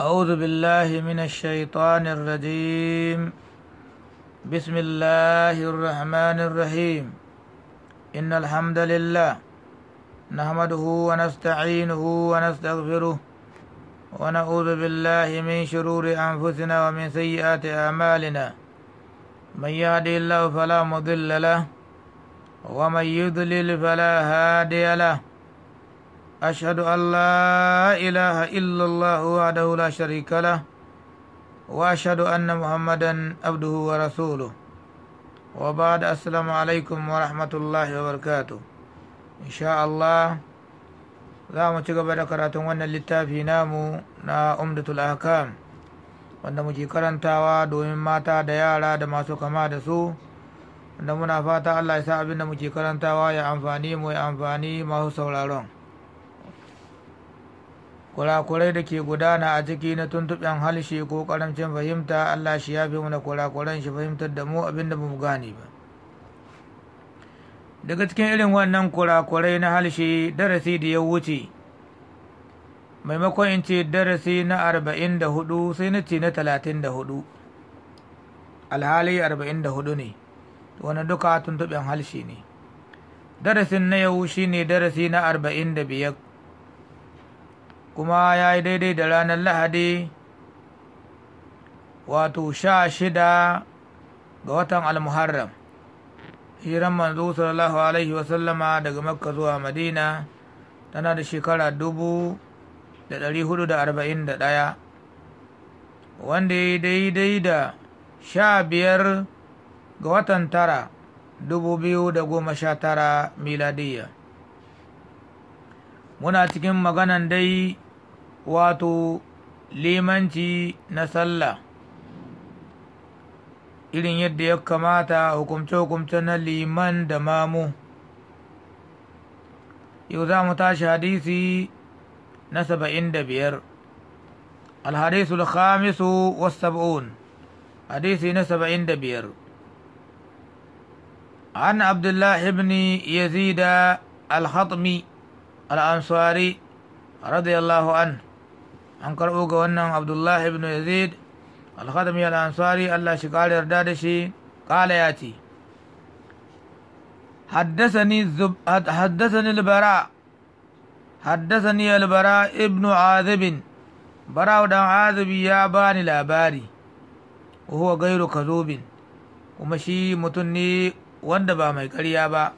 أعوذ بالله من الشيطان الرجيم بسم الله الرحمن الرحيم إن الحمد لله نحمده ونستعينه ونستغفره ونعوذ بالله من شرور أنفسنا ومن سيئات أعمالنا من يهدي الله فلا مضل له ومن يضلل فلا هادي له أشهد أن لا إله إلا الله وحده لا شريك له وأشهد أن محمدا عبده ورسوله وبعد السلام عليكم ورحمة الله وبركاته إن شاء الله za mu ci gaba da karatun wannan littafi namu na umdatul ahkam wanda muke karantawa domin mata da yara da masu kama da su wanda muna fata allah ya sa abin da muke karantawa ya amfani mu ya amfani masu sauraron kurakurai da ke gudana a ciki na tuntuɓen halshe ko ƙaramcin fahimta allah shi ya fi mana kurakuran shi fahimtar da mu abin da mu gane ba daga cikin irin wannan kurakurai na halshe darasi da ya wuce maimakon in ce darasi na arba'in da hudu sai na ce na talatin da hudu alhali arba'in da hudu ne wani duka tuntuɓen halshe ne darasin na yau shine darasi na arba'in da biyar kuma ya yi daidai da ranar lahadi wato sha shida ga watan almuharram hiran manzo sallallahu alaihi wasallama daga makka zuwa madina tana da shekara dubu da ɗari hudu da arba'in da ɗaya wanda ya yi daidai da sha biyar ga watan tara dubu biyu da goma sha tara miladiyya muna cikin maganan dai wato limanci na sallah irin yadda ya kamata hukumce-hukumce na liman da mamu yau za mu tashi hadisi na saba'in da biyar alhadisul khamisu wasab'un hadisi na saba'in da biyar عن عبد الله بن يزيد الخطمي الأنصاري رضي الله عنه an karɓo ga wannan abdullahi ibn yazid alhadami al-ansari allah shi ƙara yarda da shi ƙala ya ce haddasani al haddasani ibn azibin bara dan azibi ya bani labari huwa gairu kazubin kuma shi mutum ne wanda ba mai ƙarya ba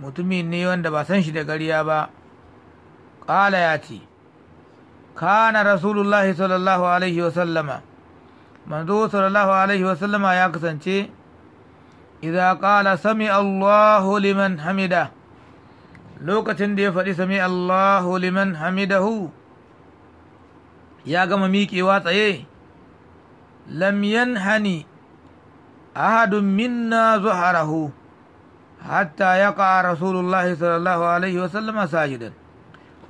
mutumin ne wanda ba san shi da ƙarya ba ƙala ya ce kana rasulullahi sallallahu alaihi wasallama manzo sallallahu alaihi wasallama ya kasance idza qala sami allahu liman hamida lokacin da ya faɗi sami allahu liman hamidahu ya gama miƙewa tsaye lam yanhani ahadun minna zuharahu hatta yaqa rasulullahi sallallahu alaihi wasallama sajidan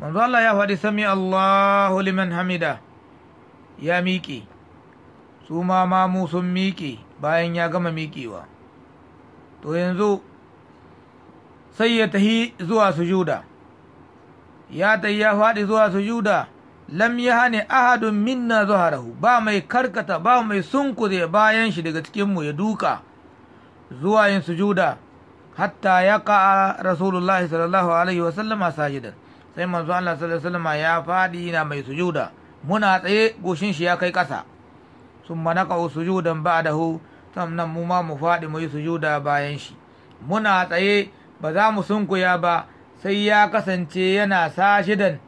manzo Allah ya faɗi sami Allahu liman hamida ya miƙe su ma mamu sun miƙe bayan ya gama miƙewa to yanzu sai ya tahi zuwa sujuda ya tahi ya faɗi zuwa sujuda lam ya hane ahadun minna zuharahu ba mai karkata ba mai sunkuze bayan shi daga cikinmu ya duka zuwa yin sujuda hatta ya ka'a rasulullahi sallallahu alaihi wasallama sajidan sai manzo Allah sallallahu alaihi ya fadi yana mai sujuda muna tsaye goshin shi ya kai kasa sun ba sujudan ba'dahu sannan mu ma mu fadi mu yi sujuda bayan shi muna tsaye ba za mu sunkuya ba sai ya kasance yana sashidan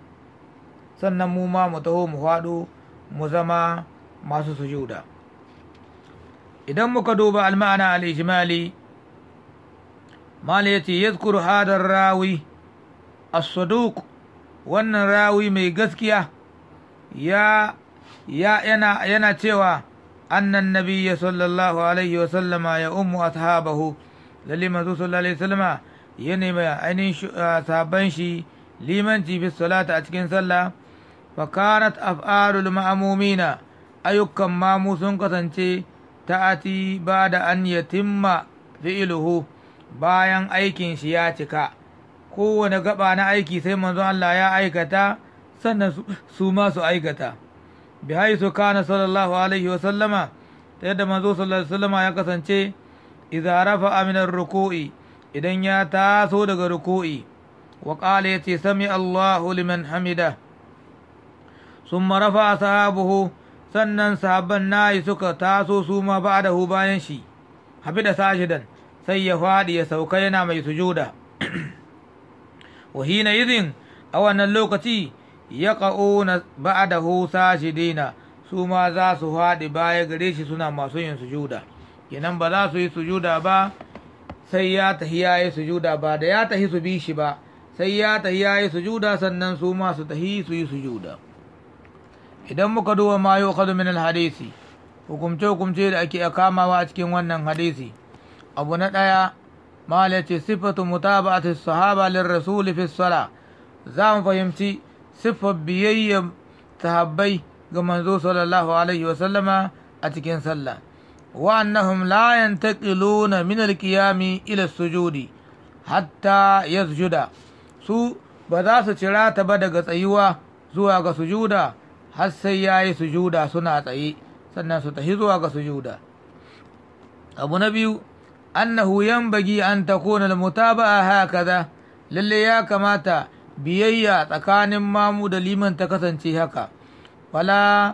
sannan mu ma mu taho mu fado mu zama masu sujuda idan muka duba alma'ana al-ijmali mala yace هذا hadar الصدوق wannan rawi mai gaskiya ya yana, yana cewa annan nabiyya sallallahu alaihi wa sallama ya ummu ashabahu lalle manzo sallallahu alaihi sallama ya nemi ainihin sahabban shi limanci bis salata a cikin sallah fakarat af'alul ma'amumina ayyukan mamu sun kasance ta'ati ba da an yatimma fi'iluhu bayan aikin shi ya cika kowane gaba na aiki sai manzo Allah ya aikata sannan su ma su aikata bi haisu kana sallallahu alaihi wa sallama ta yadda manzo sallallahu alaihi wa sallama ya kasance idza rafa min ruku'i idan ya taso daga ruku'i wa qala yace sami Allahu liman hamida thumma rafa sahabuhu sannan sahabban nayi suka taso su ma ba'dahu bayan shi habida sajidan sai ya fadi ya sauka yana mai sujuda wa hina a wannan lokaci ya ƙa'una shi sajidina su ma za su haɗi baya gare shi suna masu yin sujuda kenan ba za su yi sujuda ba sai ya tahi ya yi sujuda ba da ya tahi su bi shi ba sai ya tahi ya yi sujuda sannan su ma su tahi su yi sujuda idan muka duba ma yau kadu hadisi hukumce hukumce da ake kamawa a cikin wannan hadisi abu na ɗaya mala ce sifatu mutaba'ati sahaba lir rasuli fi sala za mu fahimci siffar biyayya sahabbai ga manzo sallallahu alaihi sallama a cikin sallah wa ta la yantaqiluna min alqiyami ila sujudi hatta yasjuda su ba za su cira ta ba daga tsayuwa zuwa ga sujuda har sai yayi sujuda suna tsaye sannan su hi zuwa ga sujuda abu na biyu An nahu 'yan bagi an takuna almutaba'a kaza. Lallai ya kamata biyayya tsakanin mamu da liman ta kasance haka wala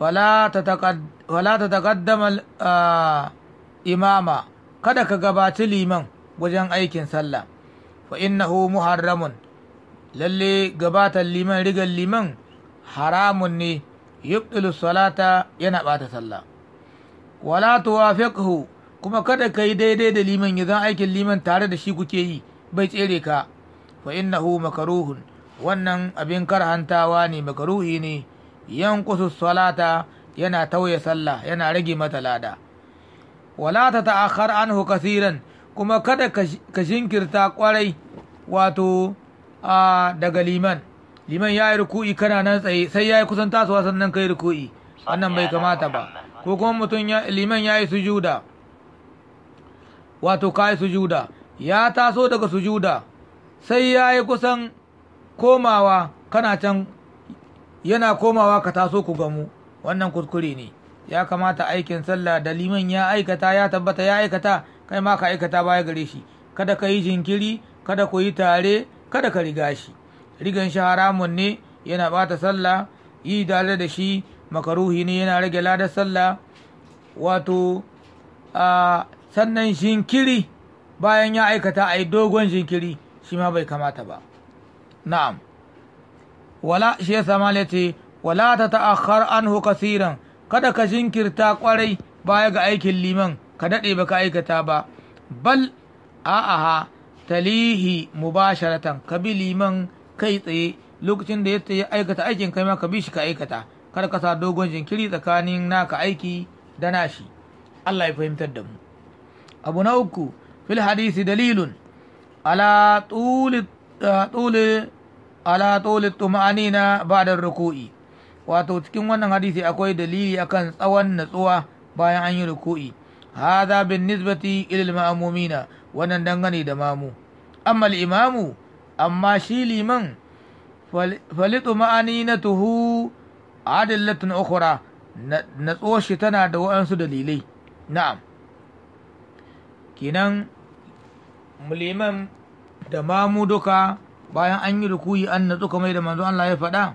wala ta taqaddama imama kada ka gabaci liman wajen aikin sallah fa innahu muharramun lallai gabatar liman rigar liman haramun ne yubdilu salata yana bata sallah wala tuwafiqhu kuma kada ka yi daidai da liman ya zan aikin liman tare da shi kuke yi bai tsere ka fa innahu makaruhun wannan abin karhantawa ne makaruhi ne yankusu salata yana tauye sallah yana rage mata lada wala ta ta'akhar anhu kasiran kuma kada ka shinkirta kwarai wato a daga liman liman ya yi ruku'i kana nan tsaye sai ya yi kusan tasowa sannan ka yi ruku'i wannan bai kamata ba ko kuma mutum liman ya yi sujuda wato ka yi sujuda ya taso daga sujuda sai ya yi kusan komawa kana can yana komawa ka taso ku gamu wannan kuskure ne ya kamata aikin sallah da liman ya aikata ya tabbata ya aikata kai ma ka aikata baya gare shi kada ka yi jinkiri kada ku yi tare kada ka riga shi rigan shi haramun ne yana bata sallah yi dare da shi makaruhi ne yana rage ladar sallah wato a sannan shinkiri bayan ya aikata a yi dogon jinkiri shi ma bai kamata ba na'am wala shi ya ce wala ta ta'akhkhar anhu kasiran kada ka jinkirta kwarai baya ga aikin liman ka daɗe ka aikata ba bal a'aha talihi mubasharatan ka bi liman kai tsaye lokacin da ya aikata aikin kai ma ka bi shi ka aikata Kada ka sa dogon jinkiri tsakanin naka aiki da nashi Allah ya fahimtar da mu abu na uku fil hadisi dalilun ala tuli ala tuli tuma'anina ba'da ruku'i wato cikin wannan hadisi akwai dalili akan tsawon natsuwa bayan an yi ruku'i hadha bin nisbati ilil ma'amumina wannan dangane da mamu amma imamu amma shi liman falitu ma'ani na tuhu adillatin ukhra natsuwar shi tana da wa'ansu dalilai na'am kenan muliman da mamu duka bayan an yi rukuyi an natsu kamar da manzo Allah ya faɗa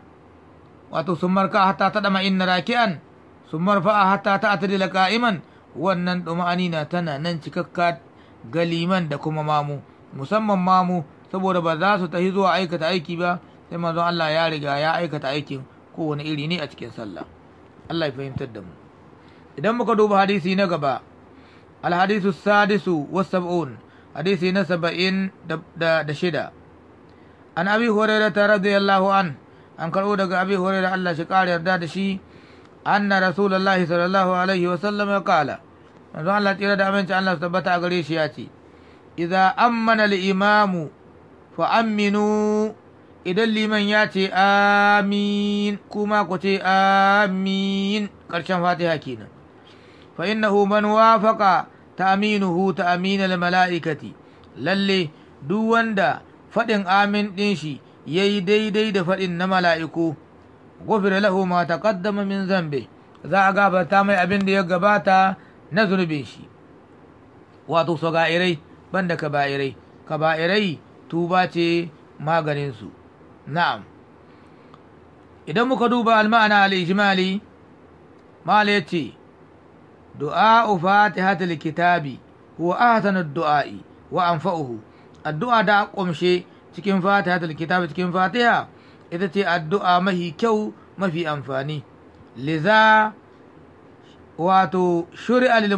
wato sun marka hatta ta dama inna raki'an sun marfa hatta ta atadila ka'iman wannan duma'ani na tana nan cikakka galiman da kuma mamu musamman mamu saboda ba za su tafi zuwa aikata aiki ba sai manzon Allah ya riga ya aikata aikin kowane iri ne a cikin sallah Allah ya fahimtar da mu idan muka duba hadisi na gaba alhadisu sadisu wasab'un hadisi na saba'in da shida an abi hurairah ta radiyallahu an an karɓo daga abi hurairah Allah shi ƙara yarda da shi anna rasulullahi sallallahu alaihi sallam ya kala manzo Allah tsira da aminci Allah su tabbata a gare shi ya ce Iza ammana al-imamu fa amminu idan liman ya ce amin kuma ku ce amin ƙarshen fatiha kenan فإنه من وافق تأمينه تأمين الملائكة للي دو وندا فإن آمن دينشي yayi daidai da faɗin na mala'iku, gufira lahu ma taqaddama min zambe, za a gabata mai abin da ya gabata na zunubin shi, wato saga'irai banda kaba'irai, kaba'irai tuba ce maganinsu, na'am. Idan muka duba alma'ana al'ijimali, mala ya ce, du'a'u fatihatul kitabi huwa ahsanu du'a'i wa anfa'uhu addu'a da a kumshe cikin fatihatul kitabi cikin fatiha ita ce addu'a mafi kyau mafi amfani liza wato shuri'a lil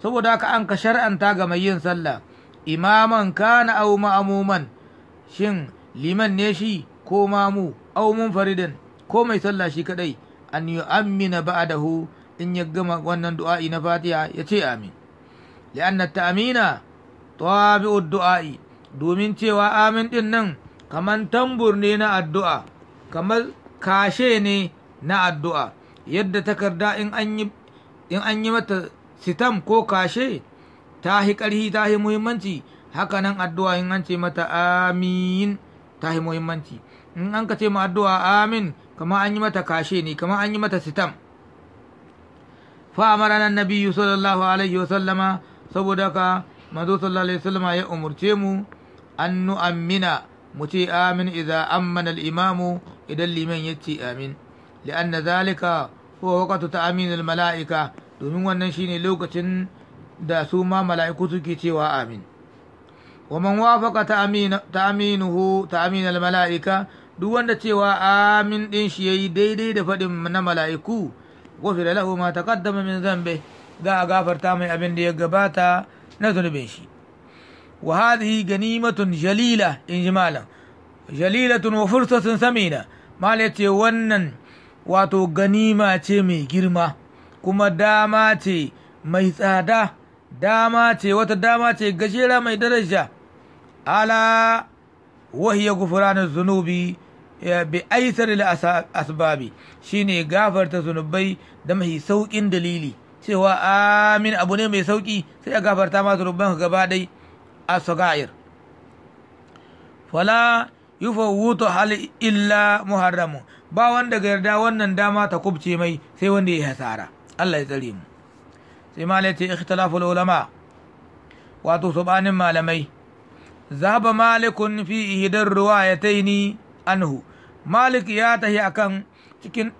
saboda haka anka ka shar'anta ga mai yin sallah imaman kana au ma'amuman shin liman ne shi ko mamu au munfaridin ko mai sallah shi kadai an ba'a-dahu. in ya gama wannan du'a'i na fatiha ya ce amin li'anna ta'amina tabi'ud du'a'i domin cewa amin din nan kamar tambur ne na addu'a kamar kashe ne na addu'a yadda takarda in an yi mata sitam ko kashe ta hi ƙarhi ta hi muhimmanci haka nan addu'a in an ce mata amin ta hi muhimmanci in an ka ce ma addu'a amin kama an yi mata kashe ne kama an yi mata sitam fa amarana nabiyyu sallallahu saboda ka manzo sallallahu alaihi wa sallama ya umurce mu an nu'ammina mu ce amin idza ammana imamu idan liman ya ce amin li'anna zalika huwa waqtu ta'min malaika domin wannan shine lokacin da su ma mala'iku suke cewa amin wa man wafaqa malaika duk wanda cewa amin ɗin shi yayi daidai da faɗin na mala'iku gufira lahu ma taqaddama min zambe za a gafarta mai abin da ya gabata na zunubin shi wa hadhihi ganimatun jalila in ji malam jalilatun wa fursatun samina malam ce wannan wato ganima ce mai girma kuma dama ce mai tsada dama ce wata dama ce gajera mai daraja ala wahiya gufuranin zunubi bi aisar asbabi shine gafarta zunubai da mai saukin dalili cewa amin abu ne mai sauki sai a gafarta ma zunuban gaba dai a sagair fala wuto hal illa muharramu ba wanda ga yarda wannan dama ta kubce mai sai wanda ya hasara Allah ya tsare mu sai ma ulama wato subanin malamai zaba malikun fi ihdar ruwayataini anhu malik ya tahi akan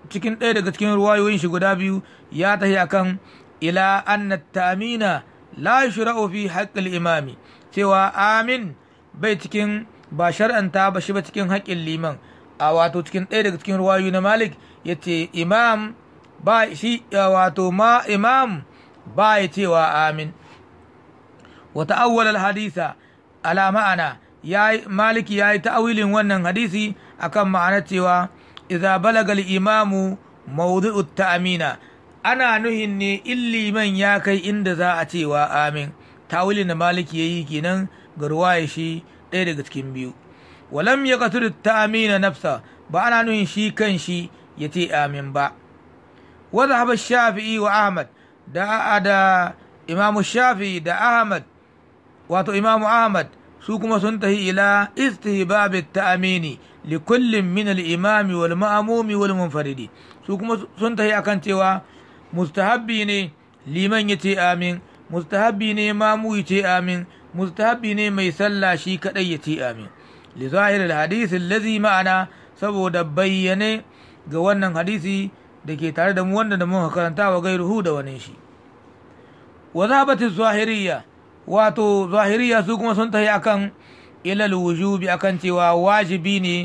cikin ɗaya daga cikin ruwayoyin shi guda biyu ya tahi akan ila anna tamina la yushra'u fi haqqil imami cewa amin bai cikin ba shar'anta ba shi ba cikin haƙƙin liman a wato cikin ɗaya daga cikin ruwayoyi na malik ya ce imam ba shi wato ma imam ba ya amin wata awwal hadisa ala ma'ana maliki ya yi ta'awilin wannan hadisi akan ma'ana cewa "Iza balagal imamu mawdu'ut ta'amina ana nuhin ne in liman ya kai inda za a cewa amin ta'awilin da maliki ya yi kenan ga ya shi ɗaya daga cikin biyu walam ya kasuru ta'amina nafsa ba ana nuhin shi kan shi ya ce amin ba wadda haɓar shafi'i wa ahmad da da imamu shafi'i da ahmad wato imamu ahmad su kuma sun tahi ila istihbab ta'amini li kullin min al-imami wal ma'amumi wal su kuma sun tahi akan cewa mustahabbi ne liman ya ce amin mustahabbi ne mamu ce amin mustahabbi ne mai sallah shi kadai ya ce amin li zahir al-hadith ma'ana saboda bayyane ga wannan hadisi da ke tare da mu wanda da muka karanta wa gairuhu da wani shi wa zabati zahiriyya wato zahiriya su kuma sun tafi akan ilal wujubi akan cewa wajibi ne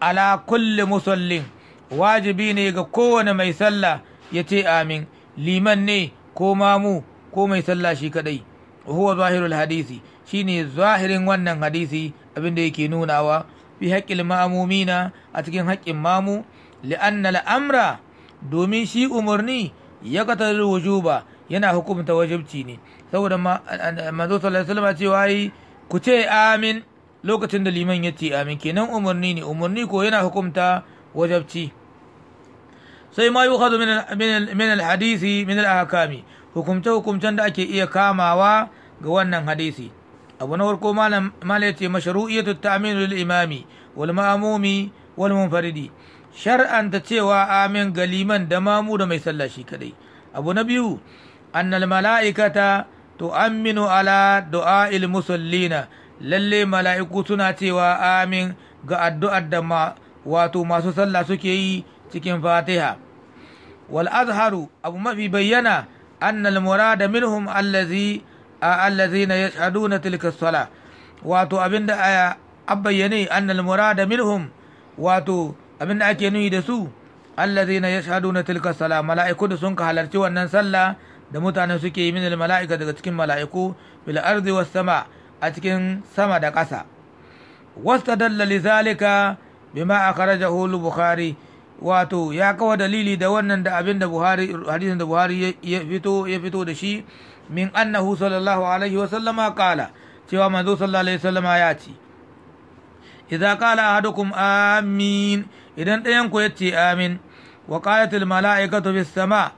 ala kulli musallin wajibi ne ga kowane mai sallah ya ce amin liman ne ko mamu ko mai sallah shi kadai huwa zahirul hadisi shine zahirin wannan hadisi abin da yake nunawa fi haƙƙil ma'amumina a cikin haƙƙin mamu li'anna al'amra domin shi umarni ya katar wujuba yana hukumta wajibci ne saboda manzo sallallahu alaihi cewa yi ku ce amin lokacin da liman ya ce amin kenan umarni ne umarni ko yana hukumta wajibci sai ma yi hadu min alhadisi min al'akami hukumce da ake iya kamawa ga wannan hadisi abu na farko Malam ya ce mashru'iyatu ta'minu lil imami wal ma'mumi wal munfaridi shar'anta cewa amin ga liman da mamu da mai sallah shi kadai abu na biyu annal mala'ikata tu'amminu ala du'a'il musallina lallai mala'iku suna cewa amin ga addu'ar da ma wato masu sallah suke yi cikin fatiha wal azharu abu mafi bayyana annal murada minhum allazi allazina yashhaduna tilka sala wato abinda aya ake nuni da su allazina yashhaduna tilka sala mala'iku da sun halarci wannan sallah da mutane suke yi min mala'ika daga cikin mala'iku bil ardi was sama a cikin sama da ƙasa wastadalla li zalika bima akhrajahu al-bukhari wato ya kawo dalili da wannan da abin da buhari hadisin da buhari ya fito ya fito da shi min annahu sallallahu alaihi wa sallama qala cewa manzo sallallahu alaihi wa sallama ya ce idza qala ahadukum amin idan ɗayan ku yace amin wa qalat al mala'ikatu bis sama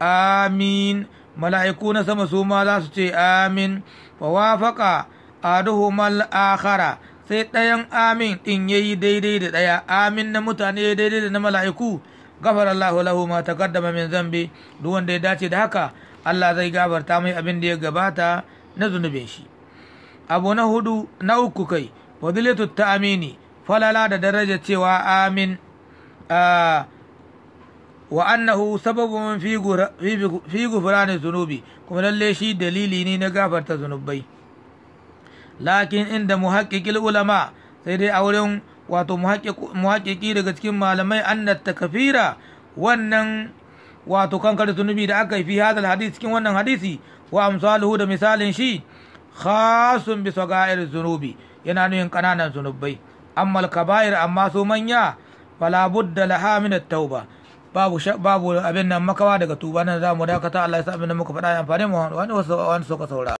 amin mala'iku na sama su ma za su ce amin fa wafaka aduhumal akhara sai ɗayan amin ɗin ya yi daidai da ɗaya amin na mutane daidai da na mala'iku gafar Allahu lahu ma min zambi duk wanda ya dace da haka Allah zai gafarta mai abin da ya gabata na zunubin shi abu na hudu na uku kai fadilatu ta amini falala da daraja cewa amin wa annahu sababun fi gufrani zunubi kuma lalle shi dalili ne na gafarta zunubai lakin inda muhaqqiqil ulama sai dai a wurin wato muhaƙiƙi daga cikin malamai annat takfira wannan wato kankar zunubi da aka yi fi hadal hadisi cikin wannan hadisi wa amsaluhu da misalin shi khasun bi sagair zunubi yana nuyin kananan zunubai amma kaba'ir amma su manya fala budda laha min at-tauba babu babu abin nan makawa daga tuba nan za mu dakata Allah ya sa abin da muka faɗa ya amfane mu wani wani soka saura.